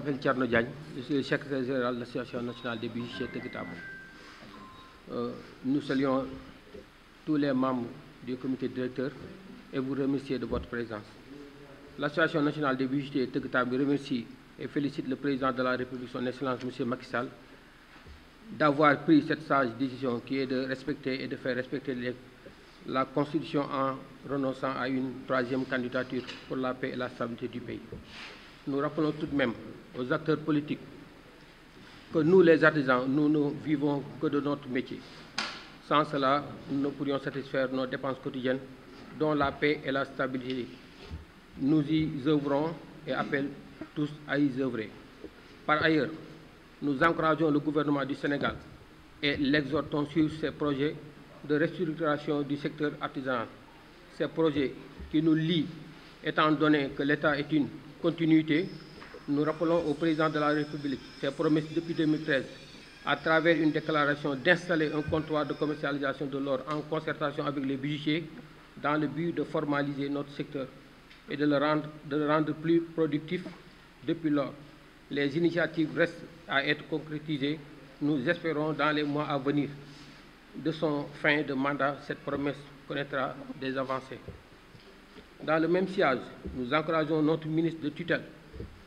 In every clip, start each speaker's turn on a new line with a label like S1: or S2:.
S1: m'appelle Thierno Diagne, je suis le secrétaire général de l'Association nationale des bijoutiers Teguetamo. Euh, nous saluons tous les membres du comité directeur et vous remercier de votre présence. L'Association nationale des bijoutiers Teguetamo remercie et félicite le président de la République, son Excellence M. Macky Sall, d'avoir pris cette sage décision qui est de respecter et de faire respecter la Constitution en renonçant à une troisième candidature pour la paix et la stabilité du nous rappelons tout de même aux acteurs politiques que nous, les artisans, nous ne vivons que de notre métier. Sans cela, nous ne pourrions satisfaire nos dépenses quotidiennes, dont la paix et la stabilité. Nous y œuvrons et appelons tous à y œuvrer. Par ailleurs, nous encourageons le gouvernement du Sénégal et l'exhortons sur ses projets de restructuration du secteur artisanal. Ces projets qui nous lient, étant donné que l'État est une continuité, nous rappelons au président de la République ses promesses depuis 2013 à travers une déclaration d'installer un comptoir de commercialisation de l'or en concertation avec les budgétiers dans le but de formaliser notre secteur et de le rendre, de le rendre plus productif depuis lors. Les initiatives restent à être concrétisées. Nous espérons dans les mois à venir de son fin de mandat, cette promesse connaîtra des avancées. Dans le même sillage, nous encourageons notre ministre de tutelle,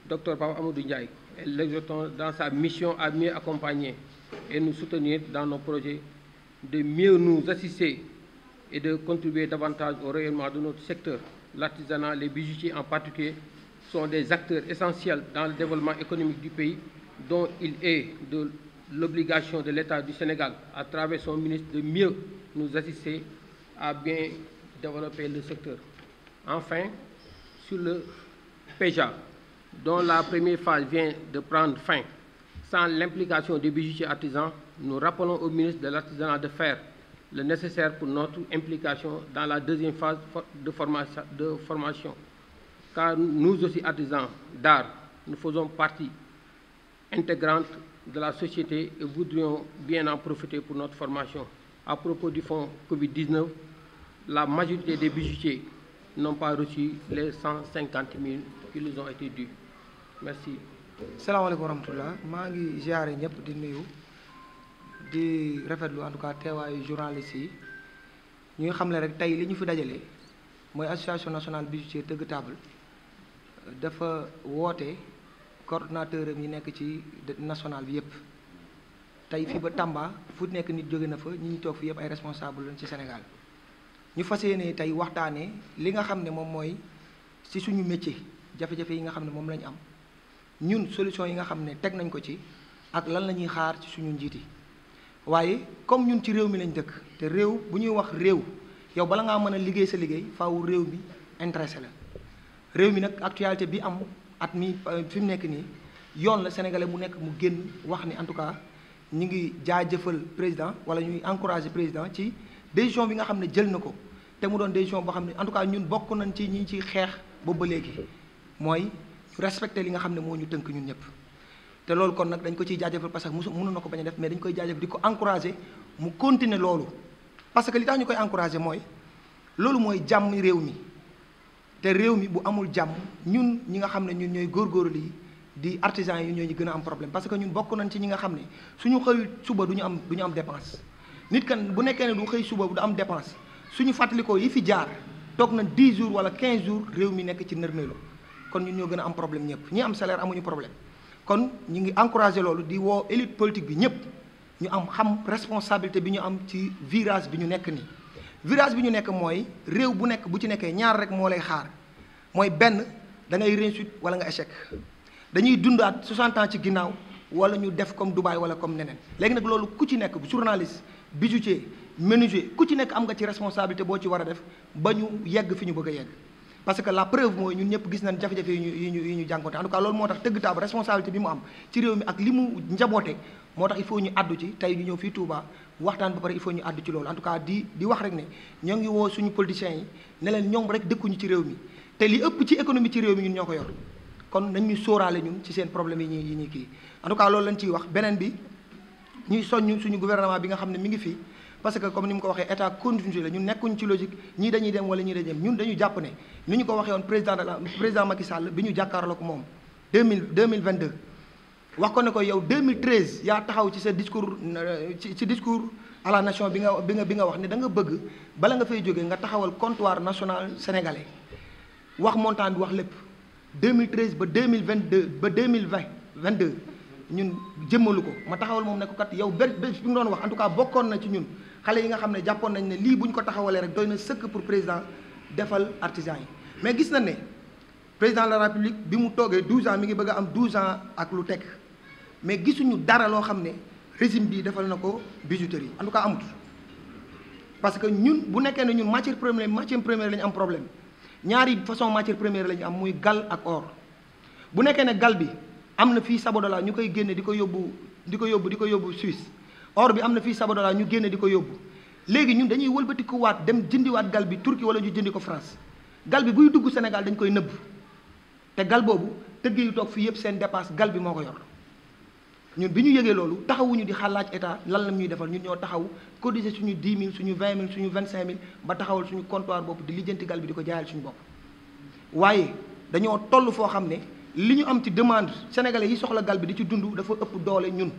S1: Dr Papa Amadou Ndiaye, et l'exhortons dans sa mission à mieux accompagner et nous soutenir dans nos projets, de mieux nous assister et de contribuer davantage au rayonnement de notre secteur. L'artisanat, les bijoutiers en particulier, sont des acteurs essentiels dans le développement économique du pays, dont il est de l'obligation de l'État du Sénégal, à travers son ministre, de mieux nous assister à bien développer le secteur. Enfin, sur le PEJA, dont la première phase vient de prendre fin, sans l'implication des bijoutiers artisans, nous rappelons au ministre de l'Artisanat de faire le nécessaire pour notre implication dans la deuxième phase de formation, de formation. Car nous aussi artisans d'art, nous faisons partie intégrante de la société et voudrions bien en profiter pour notre formation. À propos du fonds Covid-19, la majorité des bijoutiers n'ont pas reçu les 150 000 qui les ont été merci.
S2: salaamaaleykum wa rahmatulah maa ngi ziare ñëpp di nuyu di rafetlu en tout cas teewaayu journaliste yi ñuy xamle rek tey li ñu fi dajale mooy association nationale bijoutier tëgg table dafa woote coordonnateur am yi nekk ci national bi yëpp. tey fii ba Tamba fu nekk nit jóge na fa ñi ñu toog fi yëpp ay responsable lañ ci Sénégal. ñu fas yéene tey waxtaanee li nga xam ne moom mooy ci suñu métier jafe-jafe yi nga xam ne moom lañu am ñun solution yi nga xam ne teg nañ ko ci ak lan la ñuy xaar ci suñu njiit yi waaye comme ñun ci réew mi lañ dëkk te réew bu ñuy wax réew yow bala ngaa mën a liggéey sa liggéey faaw réew mi intéressé la réew mi nag actualité bi am at mi euh, fi mu nekk nii yoon la sénégalais bu nekk mu génn wax ni en tout cas ñu ngi jaajëfal président wala ñuy encouragé président ci. décision bi nga xam ne jël na ko te mu doon décision boo xam ne en tout cas ñun bokk nañ ci ñi ci xeex ba ba léegi mooy respecté li nga xam ne moo ñu tënk ñun ñëpp te loolu kon nag dañ ko ciy jaajëfal parce que musu mënu na ko bañ a def dañ koy jaajëf di ko encouragé mu continuer loolu parce que li tax ñu koy encouragé mooy loolu mooy jàmm réew mi te réew mi bu amul jàmm ñun ñi nga xam ne ñun ñooy góorgóorlu yi di artisans yi ñoo ñu gën a am problème parce que ñun bokk nañ ci ñi nga xam ne suñu xëyul suba du ñu am du ñu am dépense nit kan bu nekkee ne du xëy suba du am dépense suñu fàttalikoo yi fi jaar toog na 10 jours wala 15 jours réew mi nekk ci nërmeelu kon ñun ñoo gën a am problème ñëpp ñi am salaire amuñu problème kon ñu ngi encouragé loolu di woo élite politique bi ñëpp ñu am xam responsabilité bi ñu am ci virage bi ñu nekk nii virage bi ñu nekk mooy réew bu nekk bu ci nekkee ñaar rek moo lay xaar mooy benn da ngay réussite wala nga échec dañuy dundaat 60 ans ci ginnaaw wala ñu def comme Dubaï wala comme neneen léegi nag loolu ku ci nekk journaliste bijoutier menuisier ku ci nekk am nga ci responsabilité boo ci war a def ba ñu yegg fi ñu bëgg a yegg parce que la preuve mooy ñun ñëpp gis nañ jafe-jafe yi ñu yi ñu yi loolu moo tax tëgg taab responsabilité bi mu am ci réew mi ak li mu njaboote moo tax i faut ñu àddu ci tey ñu ñëw fii tuuba waxtaan ba pare i faut ñu àddu ci loolu en tout cas di di wax rek ne ñoo ngi woo suñu politiciens yi ne ñoom rek dëkkuñu ci réew mi te li ëpp ci économie ci réew mi ñoo ko yor kon nañ ñu sóoraale ñun ci seen problème yi ñuy kii en loolu lañ ciy wax beneen bi ñuy soññ suñu gouvernement bi nga xam ne mu ngi fi parce que comme ni mu ko waxee état continué la ñu nekkuñ ci logique ñii dañuy dem wala ñii dañuy dem ñun dañu jàpp ne ni ñu ko waxee woon président de la président Macky Sall bi ñu jàkkaarloo ko moom 2000 2022 wax ko ne ko yow 2013 yaa taxaw ci sa discours euh, ci ci discours à la nation bi nga bi nga bi nga wax ne danga bëgg bala nga fay jógee nga taxawal comptoir national sénégalais wax montant bi wax lépp mille 2013 ba 2022 ba 2020 22 ñun jëmmalu ko ma taxawal moom ne ko kat yow benn bés bi nga doon wax en tout cas bokkoon na ci ñun xale yi nga xam ne jàppoon nañ ne lii bu ñu ko taxawalee rek doy na sëkk pour président defal artisan yi mais gis na ne président de la république bi mu toogee 12 ans mi ngi bëgg am 12 ans ak lu teg mais gisuñu dara loo xam ne régime bi defal na ko bijouterie yi en tout cas amut parce que ñun bu nekkee ne ñun matière première matière première la ñu ñaari façon matière première la am muy gal ak or bu nekkee ne gal bi am na fii Sabodala ñu koy génne di ko yóbbu di ko yóbbu di ko yóbbu Suisse or bi am na fii Sabodala ñu génne di ko yóbbu léegi ñun dañuy wëlbatiku dem jëndiwaat gal bi Turquie wala ñu jëndi ko France gal bi buy dugg Sénégal dañ koy nëbb te gal boobu tëgg yu toog fii yëpp seen dépasse gal bi moo ko yor ñun bi ñu yëgee loolu taxawuñu di xalaaj état lan la ñuy defal ñun ñoo taxaw cotiser suñu 10 000 suñu vingt 000 suñu 25 000 ba taxawal suñu comptoir bopp di lijjanti gaal bi di ko jaayal suñu bopp. waaye dañoo toll foo xam ne li ñu am ci demande sénégalais yi soxla gaal bi di ci dund dafa ëpp doole ñun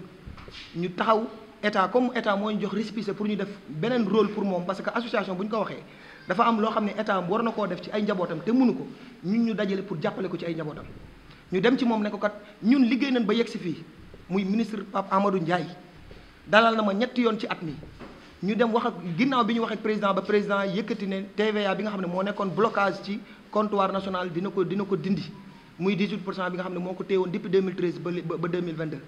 S2: ñu taxaw état comme état moo ñu jox récépissé pour ñu def beneen rôle pour moom parce que association bu ñu ko waxee dafa am loo xam ne état war na koo def ci ay njabootam te ko ñun ñu dajale pour jàppale ko ci ay njabootam ñu dem ci ne ko kat ñun liggéey nañ ba yegg si fii. muy ministre Pape Amadou Ndiaye dalal na ma ñetti yoon ci at mi ñu dem wax ak ginnaaw bi ñu wax ak président ba président yëkkati ne TVA bi nga xam ne moo nekkoon blocage ci comptoir national dina ko dina ko dindi muy 18 pour cent bi nga xam ne moo ko téewoon depuis 2013 ba ba 2022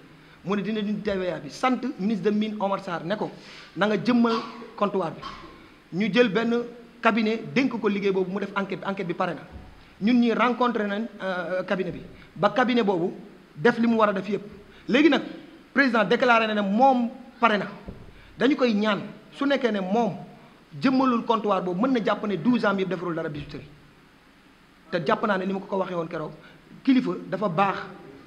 S2: mu ne dina dindi TVA bi sant ministre de mine Omar Sarr ne ko na nga jëmmal comptoir bi ñu jël benn cabinet dénk ko liggéey boobu mu def enquête enquête bi pare na ñun ñi rencontré nañ euh, cabinet bi ba cabinet boobu def li mu war a def yëpp léegi nag président déclaré na ne moom pare na dañu koy ñaan su nekkee ne moom jëmmalul comptoir boobu mën na jàpp ne am ans yëpp defarul dara bijouterie te jàpp naa ne ni ma ko ko waxee woon keroog kilifa dafa baax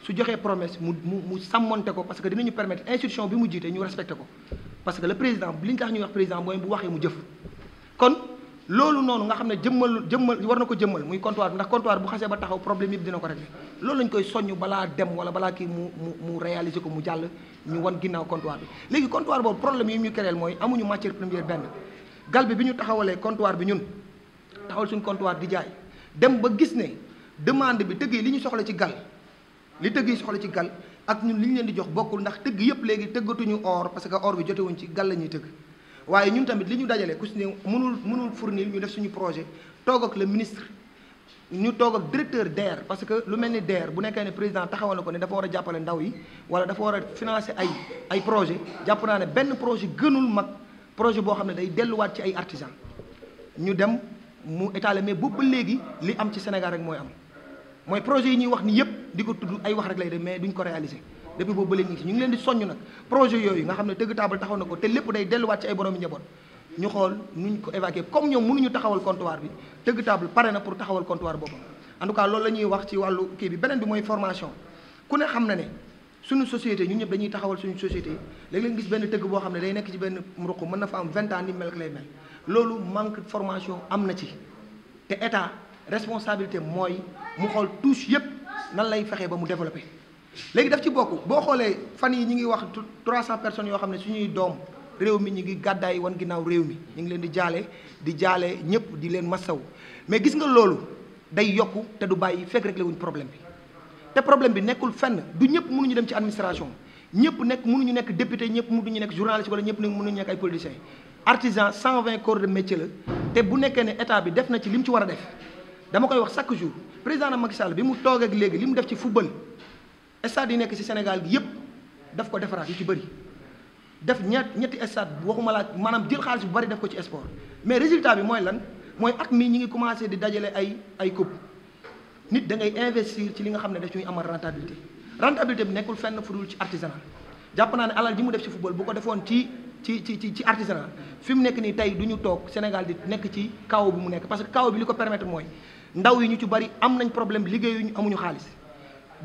S2: su joxee promesse mu mu mu sàmmonte ko parce que dinañu permettre institution bi mu jiite ñu respecté ko parce que le président li ñu tax ñuy wax président mooy bu waxee mu jëf kon. loolu noonu nga xam ne jëmmal jëmmal war na ko jëmmal muy comptoir bi ndax comptoir bu xasee ba taxaw problème yëpp dina ko régler loolu lañ koy soññ balaa dem wala balaa kii mu mu mu ko mu jàll ñu wan ginnaaw comptoir bi léegi comptoir boobu problème yi ñu créé mooy amuñu matière première benn galbe bi ñu taxawalee comptoir bi ñun taxawal suñu comptoir di jaay dem ba gis ne demande bi tëgg yi li ñu soxla ci gal li tëgg yi soxla ci gal ak ñun li ñu leen di jox bokkul ndax tëgg yëpp léegi tëggatuñu or parce que or bi jotewuñ ci gal la ñuy tëgg waaye ñun tamit li ñu dajale ku si ne mënul mënul fournir ñu def suñu projet toog ak le ministre ñu toog ak directeur DER parce que lu mel ni DER bu nekkee ne président taxawal na ko ne dafa war a jàppale ndaw yi wala dafa war a financé ay ay projet jàpp naa ne benn projet gënul mag projet boo xam ne day delluwaat ci ay artisans ñu dem mu étaler mais boobu ba léegi li am ci Sénégal rek mooy am mooy projet yi ñuy wax ni yëpp di ko tudd ay wax rek la mais duñ ko réaliser depuis boobu ba léegi ñu ngi si ñu ngi leen di soññ nag projet yooyu nga xam ne dëgg taabal taxaw na ko te lépp day delluwaat ci ay borom njaboot ñu xool ñu ko évacuer comme ñoom ñu taxawal comptoir bi dëgg taabal pare na pour taxawal comptoir boobu en tout cas loolu la ñuy wax ci wàllu kii bi beneen bi mooy formation ku ne xam na ne suñu société ñu ñëpp dañuy taxawal suñu société léeg-léeg gis benn tëgg boo xam ne day nekk ci benn mruq mën na fa am 20 ans ni loolu manque formation am na ci te état responsabilité mooy mu xool touche yëpp nan lay fexe ba mu développé léegi daf ci bokk boo xoolee fan yi ñu ngi wax trois cent personnes yoo xam ne suñuy doom réew mi ñu ngi gàddaay wan ginnaaw réew mi ñu ngi leen di jaale di jaale ñëpp di leen masaw mais gis nga loolu day yokku te du bàyyi fekk réglé wuñ problème bi te problème bi nekkul fenn du ñëpp mënuñu dem ci administration ñëpp nekk mënuñu nekk député ñëpp mënuñu nekk journaliste wala ñëpp nekk mënuñu nekk ay politiciens artisan 120 corps de métier la te bu nekkee ne bi def na ci li mu ci war a def dama koy wax chaque jour président Macky Sall bi mu toog ak léegi li mu def ci football stade yi nekk ci Sénégal gi yëpp daf ko defaraat yu ci bëri def ñett ñetti stade waxuma laa maanaam jël xaalis bu bari def ko ci sport mais résultat bi mooy lan mooy at mi ñi ngi commencé di dajale ay ay coupe nit da ngay investir ci li nga xam ne daf ñuy amal rentabilité rentabilité bi nekkul fenn fu dul ci artisanal jàpp naa ne alal ji mu def ci football bu ko defoon ci ci ci ci artisanal fi mu nekk nii tey du ñu toog Sénégal di nekk ci kaw bi mu nekk parce que kaw bi li ko permettre mooy ndaw yi ñu ci bëri am nañ problème liggéeyuñu amuñu xaalis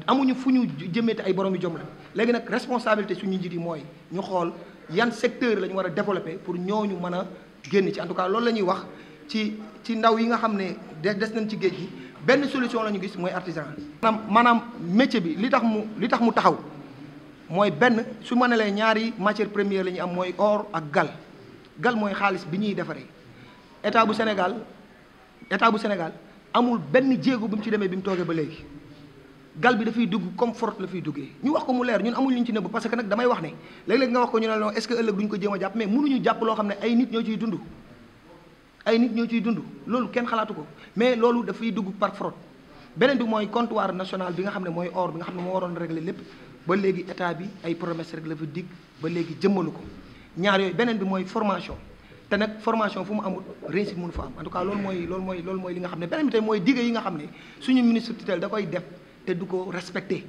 S2: amuñu fu ñu jëmee te ay borom yu jom la léegi nag responsabilité suñu njiit yi mooy ñu xool yan secteur la war a développer pour ñu mën a génn ci en tout cas loolu la ñuy wax ci ci ndaw yi nga xam ne des nañ ci géej gi benn solution la ñu gis mooy artisanat. maanaam maanaam métier bi li tax mu li tax mu taxaw mooy benn su ma ne lee ñaari matière première la ñuy am mooy or ak gal gal mooy xaalis bi ñuy defaree état bu Sénégal état bu Sénégal amul benn jéego bi ci demee bi mu toogee ba léegi. gal bi dafay dugg confort la fiy duggee ñu wax ko mu leer ñun amul ñu ci nëbb parce que nag damay wax ne léeg-léeg nga wax ko ñu ne non est-ce ëllëg duñ ko a jàpp mais mënuñu nit ñoo ciy dund loolu kenn xalaatu ko mais loolu dafay dugg par fraude beneen bi mooy comptoir national bi nga xam ne mooy or bi nga xam moo waroon régler lépp ba léegi état bi ay jëmmalu ko ñaar yooyu beneen bi mooy formation te nag formation fu mu amul réussite mënu fa loolu mooy loolu mooy loolu mooy li nga xam ne beneen bi tey mooy digg yi nga xam ne suñu ministre tutelle da koy def te du ko respecter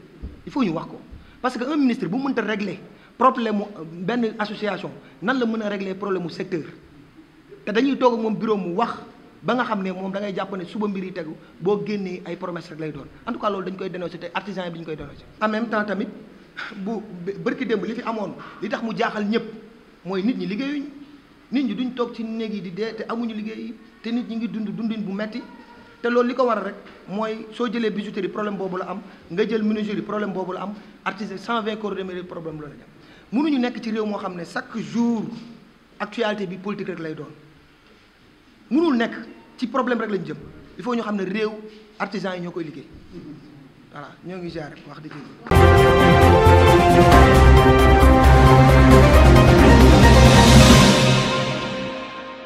S2: il faut ñu wax ko parce que un ministre bu mënta régler problème mu euh, benn association nan la mën a régler problème mu secteur te dañuy toog moom bureau mu wax ba nga xam ne moom da ngay jàpp ne suba mbir tegu boo génnee ay promesse lay doon en tout loolu dañ koy dénoncer te artisan yi dañ koy dénoncer. en même temps tamit bu bërki démb li fi amoon li tax mu jaaxal ñëpp mooy nit ñi liggéeyuñ nit ñi duñ toog ci néeg yi di dee te amuñu liggéey te nit ñi ngi dund dundin bu metti te loolu li ko waral rek mooy soo jëlee bijouterie problème boobu la am nga jël menuiserie problème boobu la am artisan cent vingt corps de métier problème loolu la am mënuñu nekk ci réew moo xam ne chaque jour actualité bi politique rek lay doon mënul nekk ci problème rek lañu jëm il faut ñoo xam ne réew artisan yi ñoo koy liggéey voilà ñoo ngi jaar wax dëgg